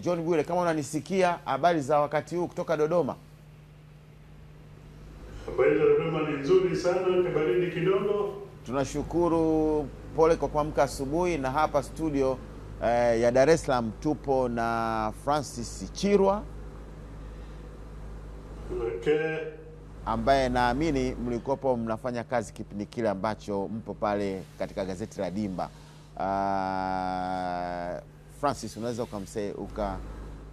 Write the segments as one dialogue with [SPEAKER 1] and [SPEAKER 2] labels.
[SPEAKER 1] John Bwire, kama unanisikia, habari za wakati huu kutoka Dodoma?
[SPEAKER 2] Habari za Dodoma ni nzuri sana, kabaridi kidogo.
[SPEAKER 1] Tunashukuru, pole kwa kuamka asubuhi. Na hapa studio eh, ya Dar es Salaam tupo na Francis Chirwa okay, ambaye naamini mlikuwapo mnafanya kazi kipindi kile ambacho mpo pale katika gazeti la Dimba uh, Francis, unaweza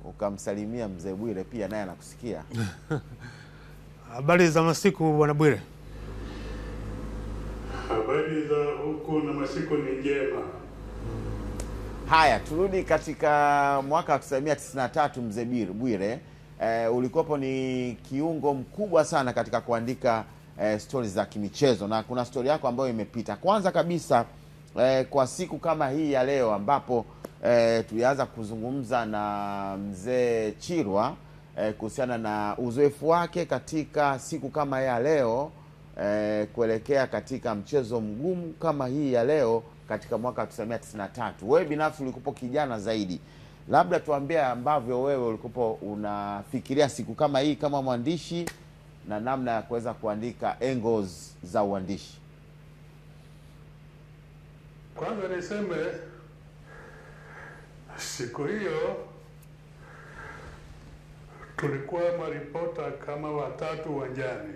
[SPEAKER 1] ukamsalimia uka mzee Bwire pia naye anakusikia.
[SPEAKER 3] Habari za masiku bwana Bwire.
[SPEAKER 2] Habari za huku na masiku ni njema.
[SPEAKER 1] Haya, turudi katika mwaka wa 1993 mzee Bwire. Eh, ulikuwapo ni kiungo mkubwa sana katika kuandika eh, stori za kimichezo na kuna stori yako ambayo imepita. Kwanza kabisa eh, kwa siku kama hii ya leo ambapo e, tulianza kuzungumza na mzee Chirwa e, kuhusiana na uzoefu wake katika siku kama ya leo e, kuelekea katika mchezo mgumu kama hii ya leo katika mwaka 1993. Wewe binafsi ulikupo kijana zaidi, labda tuambie ambavyo wewe ulikupo unafikiria siku kama hii kama mwandishi na namna ya kuweza kuandika angles za uandishi.
[SPEAKER 2] Kwanza niseme Siku hiyo tulikuwa maripota kama watatu uwanjani,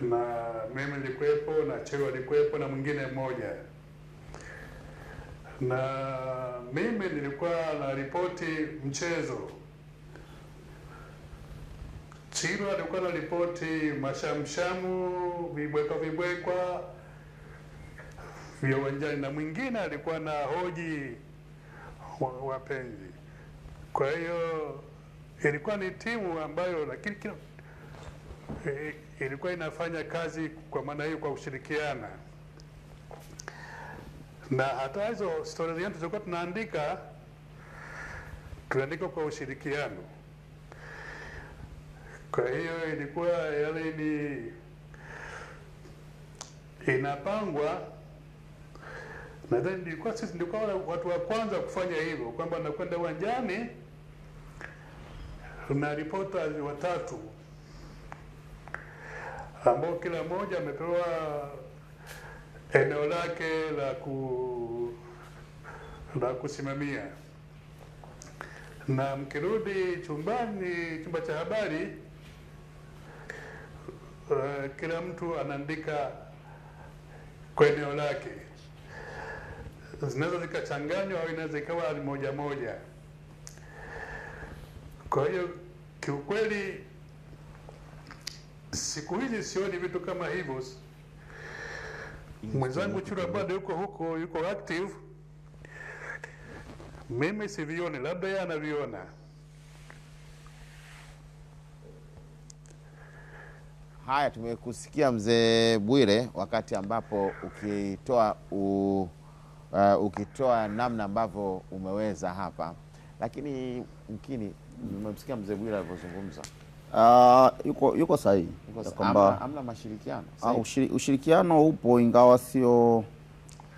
[SPEAKER 2] na mimi nilikuwepo na Cheo alikuwepo na mwingine mmoja, na mimi nilikuwa na ripoti mchezo Chiro alikuwa na ripoti mashamshamu, vibweka vibwekwa vya uwanjani, na mwingine alikuwa na hoji wapenzi. Kwa hiyo ilikuwa ni timu ambayo, lakini kila e, ilikuwa inafanya kazi kwa maana hiyo kwa kushirikiana, na hata hizo stori zetu tulikuwa tunaandika tunaandika kwa ushirikiano. Kwa hiyo ilikuwa yale ni inapangwa Nadhani nilikuwa sisi nilikuwa watu wa kwanza kufanya hivyo, kwamba nakwenda uwanjani na ripota watatu ambao kila mmoja amepewa eneo lake la ku la kusimamia, na mkirudi chumbani, chumba cha habari, uh, kila mtu anaandika kwa eneo lake zinaweza zikachanganywa au inaweza ikawa ni moja moja. Kwa hiyo kiukweli, siku hizi sioni vitu kama hivyo. Mwenzangu Chura bado yuko huko, yuko active, mimi sivioni, labda yeye anaviona.
[SPEAKER 1] Haya, tumekusikia mzee Bwire, wakati ambapo ukitoa u uh, ukitoa namna ambavyo umeweza hapa, lakini mkini mmemsikia mzee Bwira alivyozungumza.
[SPEAKER 4] Uh, yuko, yuko sahihi
[SPEAKER 1] kwamba amna mashirikiano
[SPEAKER 4] uh, ushiri, ushirikiano upo ingawa sio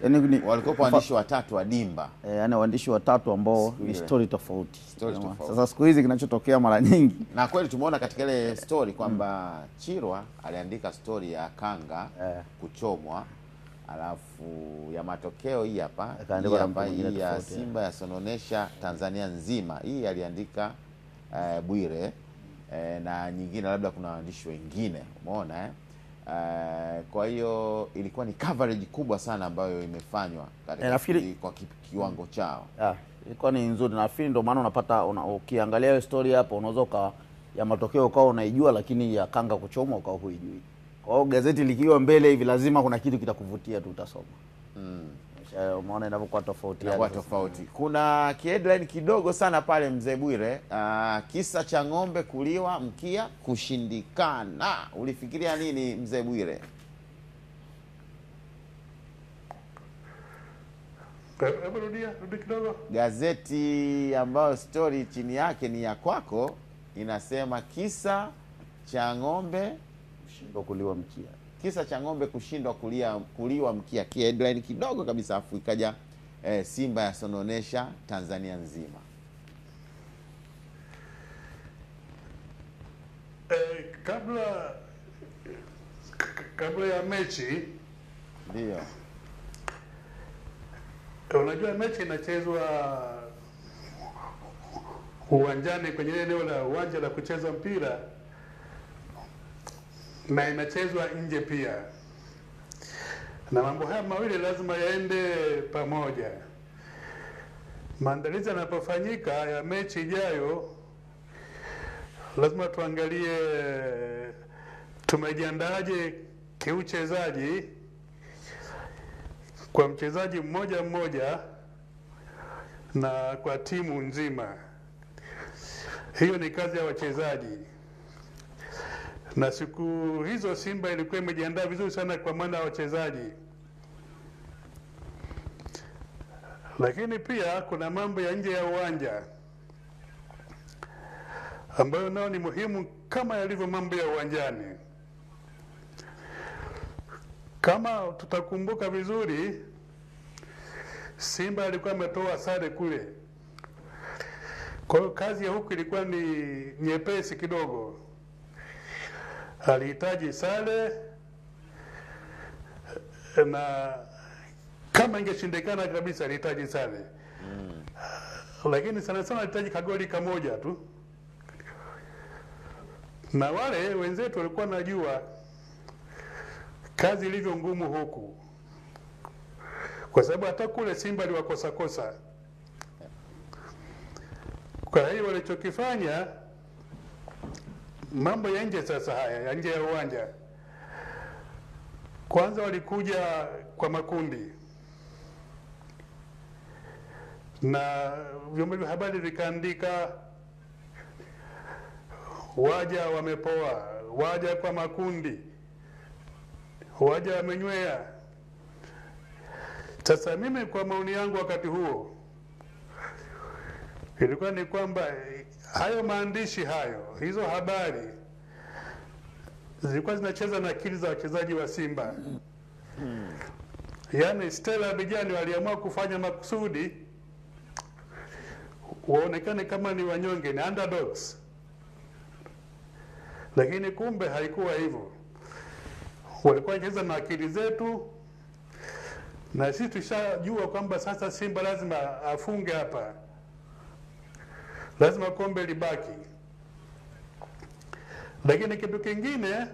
[SPEAKER 1] yani, walikuwa waandishi watatu wa Dimba
[SPEAKER 4] eh, yani waandishi watatu ambao ni story tofauti. story tofauti. Sasa siku hizi kinachotokea mara nyingi,
[SPEAKER 1] na kweli tumeona katika ile story kwamba mm. Chirwa aliandika story ya Kanga yeah. kuchomwa alafu ya matokeo hii hapa hii ya eh. Simba yasononesha Tanzania nzima. Hii aliandika uh, Bwire uh, na nyingine labda kuna waandishi wengine umeona eh? Uh, kwa hiyo ilikuwa ni coverage kubwa sana ambayo imefanywa katika nafikiri... kwa kiwango chao yeah,
[SPEAKER 4] ilikuwa ni nzuri. Nafikiri ndio maana unapata una, ukiangalia hiyo story hapo unaweza ya matokeo ukawa unaijua, lakini ya Kanga kuchomwa ukawa huijui. Kwa hiyo gazeti likiwa mbele hivi, lazima kuna kitu kitakuvutia tu, utasoma mm. Eh, umeona inavyokuwa tofauti,
[SPEAKER 1] inakuwa tofauti. Kuna headline kidogo sana pale, mzee Bwire, uh, kisa cha ng'ombe kuliwa mkia kushindikana. Ulifikiria nini mzee Bwire?
[SPEAKER 2] Eh,
[SPEAKER 1] gazeti ambayo stori chini yake ni ya kwako inasema kisa cha ng'ombe kushindwa kuliwa mkia. Kisa cha ng'ombe kushindwa kulia kuliwa mkia, ki headline kidogo kabisa, afu ikaja eh, Simba yasononesha Tanzania nzima.
[SPEAKER 2] Eh, kabla kabla ya mechi ndio unajua mechi inachezwa uwanjani kwenye eneo la uwanja la kucheza mpira na inachezwa nje pia, na mambo haya mawili lazima yaende pamoja. Maandalizi yanapofanyika ya mechi ijayo, lazima tuangalie tumejiandaje kiuchezaji kwa mchezaji mmoja mmoja na kwa timu nzima. Hiyo ni kazi ya wachezaji na siku hizo Simba ilikuwa imejiandaa vizuri sana kwa maana ya wachezaji, lakini pia kuna mambo ya nje ya uwanja ambayo nao ni muhimu kama yalivyo mambo ya uwanjani. Kama tutakumbuka vizuri, Simba alikuwa ametoa sare kule, kwa hiyo kazi ya huku ilikuwa ni nyepesi kidogo alihitaji sare na kama ingeshindikana kabisa alihitaji sare mm. Lakini sana sana alihitaji kagoli kamoja tu, na wale wenzetu walikuwa najua kazi ilivyo ngumu huku, kwa sababu hata kule Simba aliwakosakosa. Kwa hiyo walichokifanya Mambo ya nje sasa, haya ya nje ya uwanja, kwanza walikuja kwa makundi na vyombo vya habari vikaandika, waja wamepoa, waja kwa makundi, waja wamenywea. Sasa mimi kwa maoni yangu wakati huo ilikuwa ni kwamba hayo maandishi hayo, hizo habari zilikuwa zinacheza na akili za wachezaji wa Simba. Hmm. Yaani Stella Abijani waliamua kufanya makusudi waonekane kama ni wanyonge, ni underdogs, lakini kumbe haikuwa hivyo. Walikuwa wanacheza na akili zetu, na sisi tushajua kwamba sasa Simba lazima afunge hapa lazima kombe libaki. Lakini kitu kingine,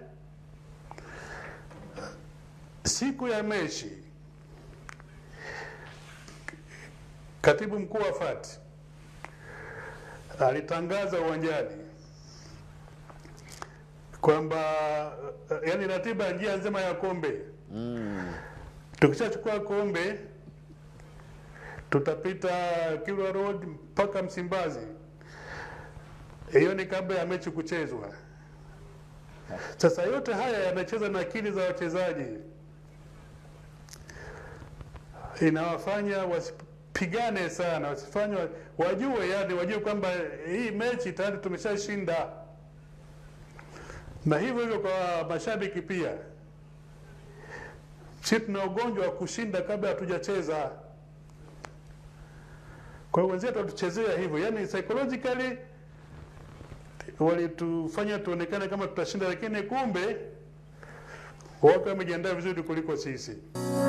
[SPEAKER 2] siku ya mechi, katibu mkuu wa FAT alitangaza uwanjani kwamba yani ratiba ya njia nzima ya kombe mm. Tukishachukua kombe tutapita Kilwa Road mpaka Msimbazi. Hiyo eh. ni kabla ya mechi kuchezwa. Sasa yote haya yanacheza na akili za wachezaji, inawafanya wasipigane sana, wasifanye wajue, yani wajue kwamba hii mechi tayari tumeshashinda, na hivyo hivyo kwa mashabiki pia. Sisi tuna ugonjwa wa kushinda kabla hatujacheza, kwa hiyo wenzetu watuchezea hivyo, yani psychologically walitufanya tuonekane kama tutashinda, lakini kumbe wote wamejiandaa vizuri kuliko sisi.